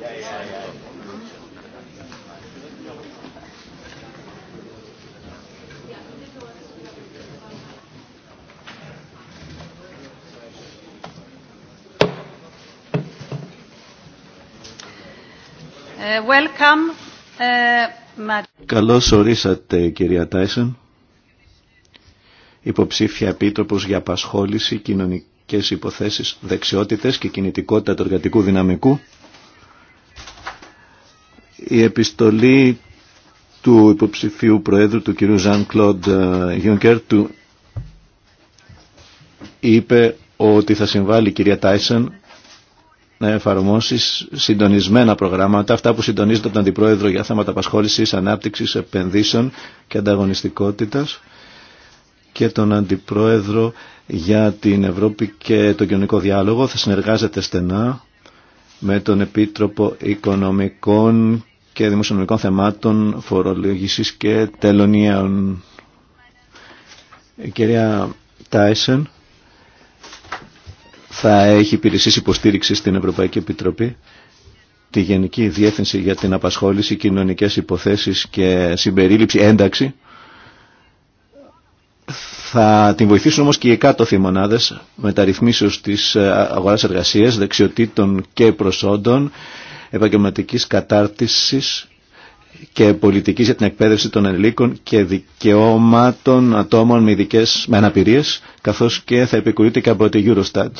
Καλώ ε, ε, Καλώς ορίσατε κυρία Τάισεν υποψήφια επίτροπος για απασχόληση, κοινωνικές υποθέσεις, δεξιότητες και κινητικότητα του εργατικού δυναμικού η επιστολή του υποψηφίου Προέδρου του κ. Ζαν Κλοντ Γιονκέρ του είπε ότι θα συμβάλλει η κυρία Τάισον να εφαρμόσει συντονισμένα προγράμματα, αυτά που συντονίζονται από τον Αντιπρόεδρο για θέματα απασχόλησης, ανάπτυξης, επενδύσεων και ανταγωνιστικότητας και τον Αντιπρόεδρο για την Ευρώπη και τον κοινωνικό διάλογο. Θα συνεργάζεται στενά με τον Επίτροπο Οικονομικών και Δημοσιονομικών Θεμάτων Φορολογήσης και Τελωνίων. Η κυρία Τάισεν θα έχει υπηρεσίες υποστήριξη στην Ευρωπαϊκή Επιτροπή τη Γενική Διεύθυνση για την Απασχόληση, Κοινωνικές Υποθέσεις και Συμπερίληψη, Ένταξη θα την βοηθήσουν όμως και οι εκάτωθοι μονάδες μεταρρυθμίσεως της ε, αγοράς εργασίας, δεξιοτήτων και προσόντων, επαγγελματικής κατάρτισης και πολιτικής για την εκπαίδευση των ελλήκων και δικαιώματων ατόμων με, ειδικές, με αναπηρίες, καθώς και θα επικουρείται και από τη Eurostat.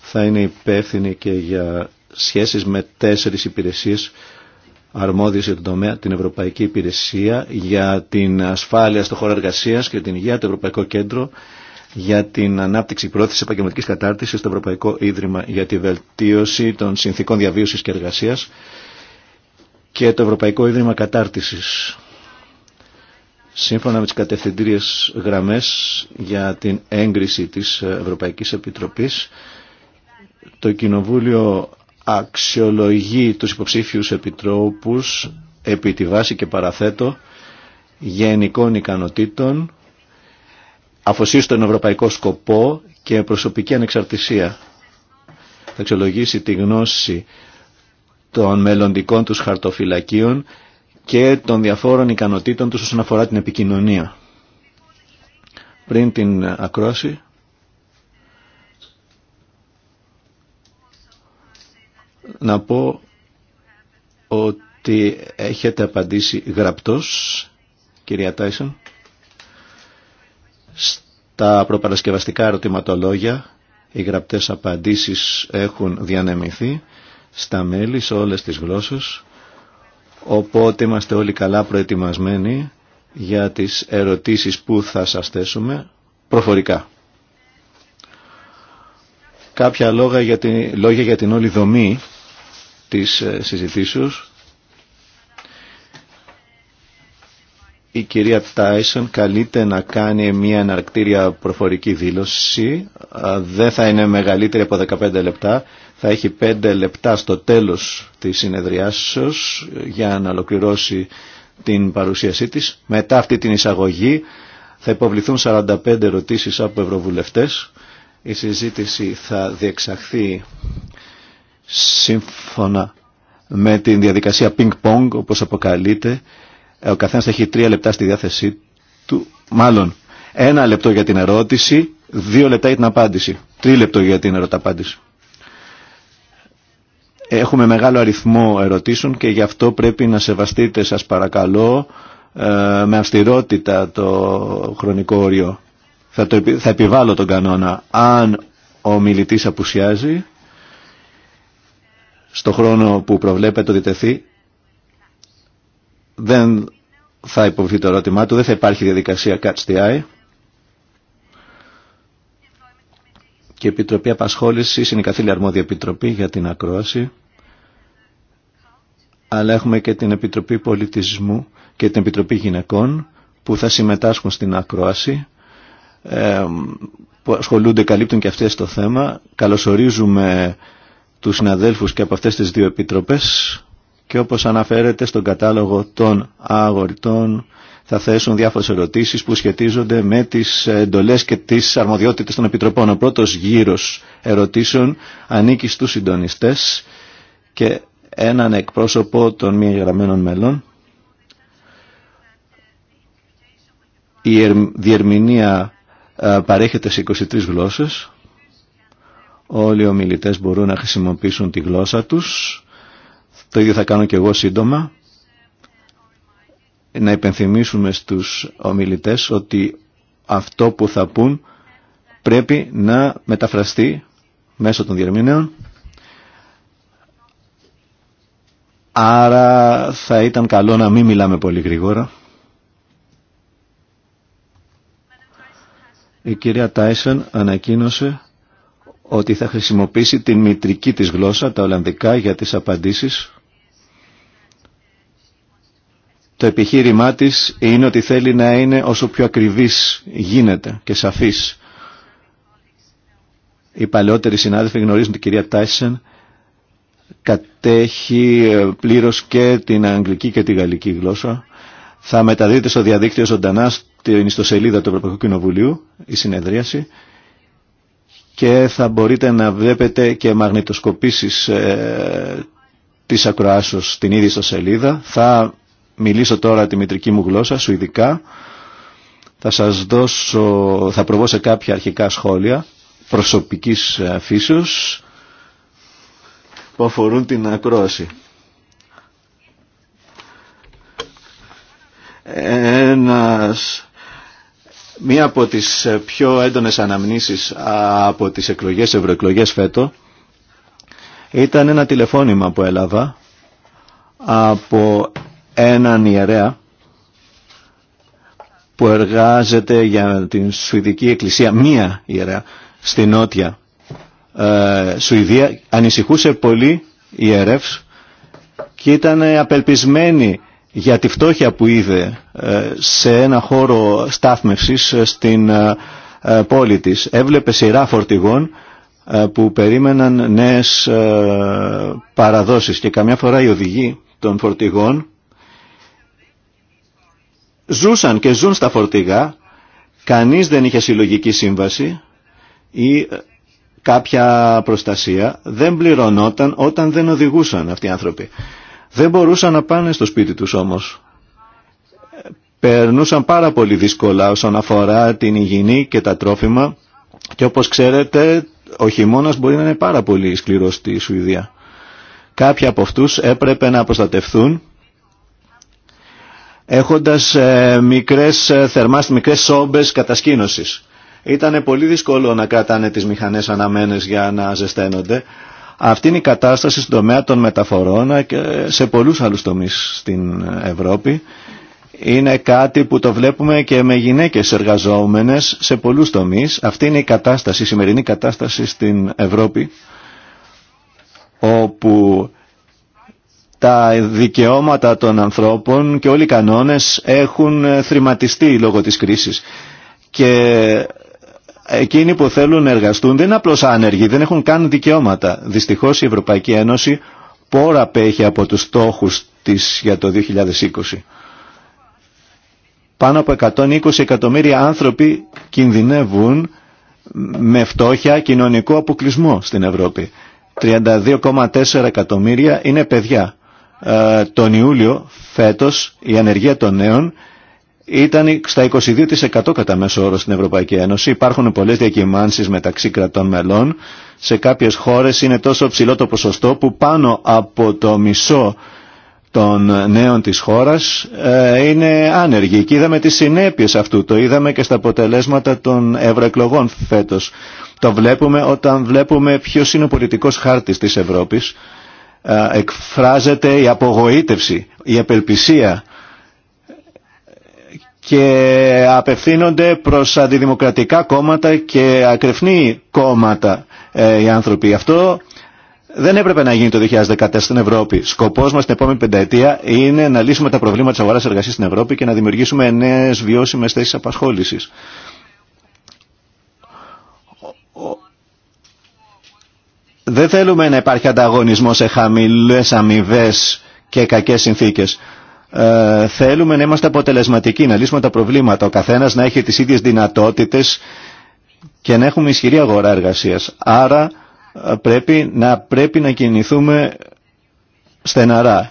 Θα είναι υπεύθυνη και για σχέσεις με τέσσερις υπηρεσίες αρμόδιες για τον τομέα την Ευρωπαϊκή Υπηρεσία για την ασφάλεια στο χώρο εργασίας και την υγεία, το Ευρωπαϊκό Κέντρο για την ανάπτυξη πρόθεση επαγγελματική κατάρτιση το Ευρωπαϊκό Ίδρυμα για τη βελτίωση των συνθήκων διαβίωσης και εργασίας και το Ευρωπαϊκό Ίδρυμα Κατάρτισης. Σύμφωνα με τις κατευθυντήριες γραμμές για την έγκριση της Ευρωπαϊκής Επιτροπή, το Κοινοβούλιο αξιολογεί τους υποψήφιους επιτρόπους επί τη βάση και παραθέτω γενικών ικανοτήτων, αφοσίωση τον ευρωπαϊκό σκοπό και προσωπική ανεξαρτησία. Θα αξιολογήσει τη γνώση των μελλοντικών τους χαρτοφυλακίων και των διαφόρων ικανοτήτων τους όσον αφορά την επικοινωνία. Πριν την ακρόση να πω ότι έχετε απαντήσει γραπτός, κυρία Τάισον, στα προπαρασκευαστικά ερωτηματολόγια. Οι γραπτές απαντήσεις έχουν διανεμηθεί στα μέλη, σε όλες τις γλώσσες, οπότε είμαστε όλοι καλά προετοιμασμένοι για τις ερωτήσεις που θα σας θέσουμε προφορικά. Κάποια λόγια για την, λόγια για την όλη δομή της ε, συζητήσεως. Η κυρία Τάισον καλείται να κάνει μια αναρκτήρια προφορική δήλωση. Δεν θα είναι μεγαλύτερη από 15 λεπτά. Θα έχει 5 λεπτά στο τέλος της συνεδριάσεως για να ολοκληρώσει την παρουσίασή της. Μετά αυτή την εισαγωγή θα υποβληθούν 45 ερωτήσεις από ευρωβουλευτές. Η συζήτηση θα διεξαχθεί σύμφωνα με την διαδικασία ping-pong όπως αποκαλείται ο καθένας θα έχει τρία λεπτά στη διάθεσή του μάλλον ένα λεπτό για την ερώτηση δύο λεπτά για την απάντηση τρία λεπτό για την ερωταπάντηση έχουμε μεγάλο αριθμό ερωτήσεων και γι' αυτό πρέπει να σεβαστείτε σας παρακαλώ ε, με αυστηρότητα το χρονικό όριο θα, θα επιβάλλω τον κανόνα αν ο μιλητής απουσιάζει στο χρόνο που προβλέπεται ότι τεθεί δεν θα υποβληθεί το ερώτημά του, δεν θα υπάρχει διαδικασία catch the eye. Και η Επιτροπή Απασχόληση είναι η καθήλια αρμόδια επιτροπή για την ακρόαση. Αλλά έχουμε και την Επιτροπή Πολιτισμού και την Επιτροπή Γυναικών που θα συμμετάσχουν στην ακρόαση ε, που ασχολούνται, καλύπτουν και αυτές το θέμα. Καλωσορίζουμε τους συναδέλφους και από αυτές τις δύο επιτροπές και όπως αναφέρεται στον κατάλογο των αγοριτών θα θέσουν διάφορες ερωτήσεις που σχετίζονται με τις εντολές και τις αρμοδιότητες των επιτροπών. Ο πρώτος γύρος ερωτήσεων ανήκει στους συντονιστές και έναν εκπρόσωπο των μη εγγραμμένων μελών. Η διερμηνία ε, παρέχεται σε 23 γλώσσες. Όλοι οι ομιλητές μπορούν να χρησιμοποιήσουν τη γλώσσα τους. Το ίδιο θα κάνω και εγώ σύντομα. Να υπενθυμίσουμε στους ομιλητές ότι αυτό που θα πούν πρέπει να μεταφραστεί μέσω των διερμηνέων. Άρα θα ήταν καλό να μην μιλάμε πολύ γρήγορα. Η κυρία Τάισεν ανακοίνωσε ότι θα χρησιμοποιήσει την μητρική της γλώσσα, τα Ολλανδικά, για τις απαντήσεις. Το επιχείρημά της είναι ότι θέλει να είναι όσο πιο ακριβής γίνεται και σαφής. Οι παλαιότεροι συνάδελφοι γνωρίζουν την κυρία Τάισεν, κατέχει ε, πλήρως και την αγγλική και τη γαλλική γλώσσα. Θα μεταδίδεται στο διαδίκτυο ζωντανά στην ιστοσελίδα του Ευρωπαϊκού Κοινοβουλίου η συνεδρίαση και θα μπορείτε να βλέπετε και μαγνητοσκοπήσεις ε, της ακροάσεως στην ίδια στο σελίδα. Θα μιλήσω τώρα τη μητρική μου γλώσσα, σου ειδικά. Θα σας δώσω, θα προβώ σε κάποια αρχικά σχόλια προσωπικής ε, φύσεως που αφορούν την ακρόαση. Ένας Μία από τις ε, πιο έντονες αναμνήσεις από τις εκλογές, ευρωεκλογές φέτο ήταν ένα τηλεφώνημα που έλαβα από έναν ιερέα που εργάζεται για την Σουηδική Εκκλησία, μία ιερέα, στη Νότια ε, Σουηδία, ανησυχούσε πολύ ιερεύς και ήταν απελπισμένη για τη φτώχεια που είδε ε, σε ένα χώρο στάθμευσης ε, στην ε, πόλη της. Έβλεπε σειρά φορτηγών που περίμεναν νέες παραδόσεις και καμιά φορά οι οδηγοί των φορτηγών ζούσαν και ζουν στα φορτηγά, κανείς δεν είχε συλλογική σύμβαση ή κάποια προστασία, δεν πληρωνόταν όταν δεν οδηγούσαν αυτοί οι άνθρωποι. Δεν μπορούσαν να πάνε στο σπίτι τους όμως. Περνούσαν πάρα πολύ δύσκολα όσον αφορά την υγιεινή και τα τρόφιμα και όπως ξέρετε ο χειμώνας μπορεί να είναι πάρα πολύ σκληρός στη Σουηδία. Κάποιοι από αυτούς έπρεπε να αποστατευθούν έχοντας ε, μικρές ε, θερμάς, μικρές σόμπες κατασκήνωσης. Ήταν πολύ δύσκολο να κρατάνε τις μηχανές αναμένες για να ζεσταίνονται. Αυτή είναι η κατάσταση στον τομέα των μεταφορών και σε πολλούς άλλους τομείς στην Ευρώπη. Είναι κάτι που το βλέπουμε και με γυναίκες εργαζόμενες σε πολλούς τομείς. Αυτή είναι η κατάσταση, η σημερινή κατάσταση στην Ευρώπη όπου τα δικαιώματα των ανθρώπων και όλοι οι κανόνες έχουν θρηματιστεί λόγω της κρίσης και εκείνοι που θέλουν να εργαστούν δεν είναι απλώς άνεργοι, δεν έχουν καν δικαιώματα. Δυστυχώς η Ευρωπαϊκή Ένωση πόρα απέχει από τους στόχους της για το 2020. Πάνω από 120 εκατομμύρια άνθρωποι κινδυνεύουν με φτώχεια κοινωνικό αποκλεισμό στην Ευρώπη. 32,4 εκατομμύρια είναι παιδιά. Ε, τον Ιούλιο φέτος η ανεργία των νέων ήταν στα 22% κατά μέσο όρο στην Ευρωπαϊκή Ένωση. Υπάρχουν πολλές διακυμάνσεις μεταξύ κρατών μελών. Σε κάποιες χώρες είναι τόσο ψηλό το ποσοστό που πάνω από το μισό των νέων της χώρας ε, είναι άνεργοι. Και είδαμε τις συνέπειες αυτού. Το είδαμε και στα αποτελέσματα των ευρωεκλογών φέτος. Το βλέπουμε όταν βλέπουμε ποιο είναι ο πολιτικός χάρτης της Ευρώπης. Ε, εκφράζεται η απογοήτευση, η απελπισία και απευθύνονται προς αντιδημοκρατικά κόμματα και ακρεφνή κόμματα ε, οι άνθρωποι. Αυτό δεν έπρεπε να γίνει το 2014 στην Ευρώπη. Σκοπός μας την επόμενη πενταετία είναι να λύσουμε τα προβλήματα της αγοράς εργασίας στην Ευρώπη και να δημιουργήσουμε νέες βιώσιμες θέσεις απασχόλησης. Δεν θέλουμε να υπάρχει ανταγωνισμό σε χαμηλές αμοιβέ και κακές συνθήκες. Ε, θέλουμε να είμαστε αποτελεσματικοί, να λύσουμε τα προβλήματα, ο καθένας να έχει τις ίδιες δυνατότητες και να έχουμε ισχυρή αγορά εργασίας. Άρα ε, πρέπει να, πρέπει να κινηθούμε στεναρά.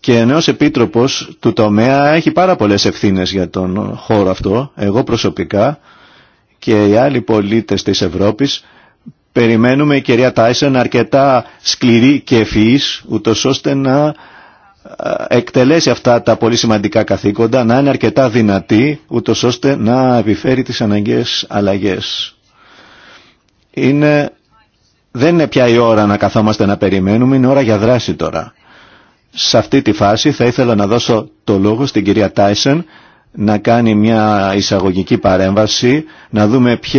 Και ο νέος επίτροπος του τομέα έχει πάρα πολλές ευθύνες για τον χώρο αυτό. Εγώ προσωπικά και οι άλλοι πολίτες της Ευρώπης περιμένουμε η κυρία Τάισεν αρκετά σκληρή και ευφυής, ούτως ώστε να εκτελέσει αυτά τα πολύ σημαντικά καθήκοντα, να είναι αρκετά δυνατή, ούτω ώστε να επιφέρει τις αναγκαίες αλλαγές. Είναι, δεν είναι πια η ώρα να καθόμαστε να περιμένουμε, είναι ώρα για δράση τώρα. Σε αυτή τη φάση θα ήθελα να δώσω το λόγο στην κυρία Τάισεν να κάνει μια εισαγωγική παρέμβαση, να δούμε ποια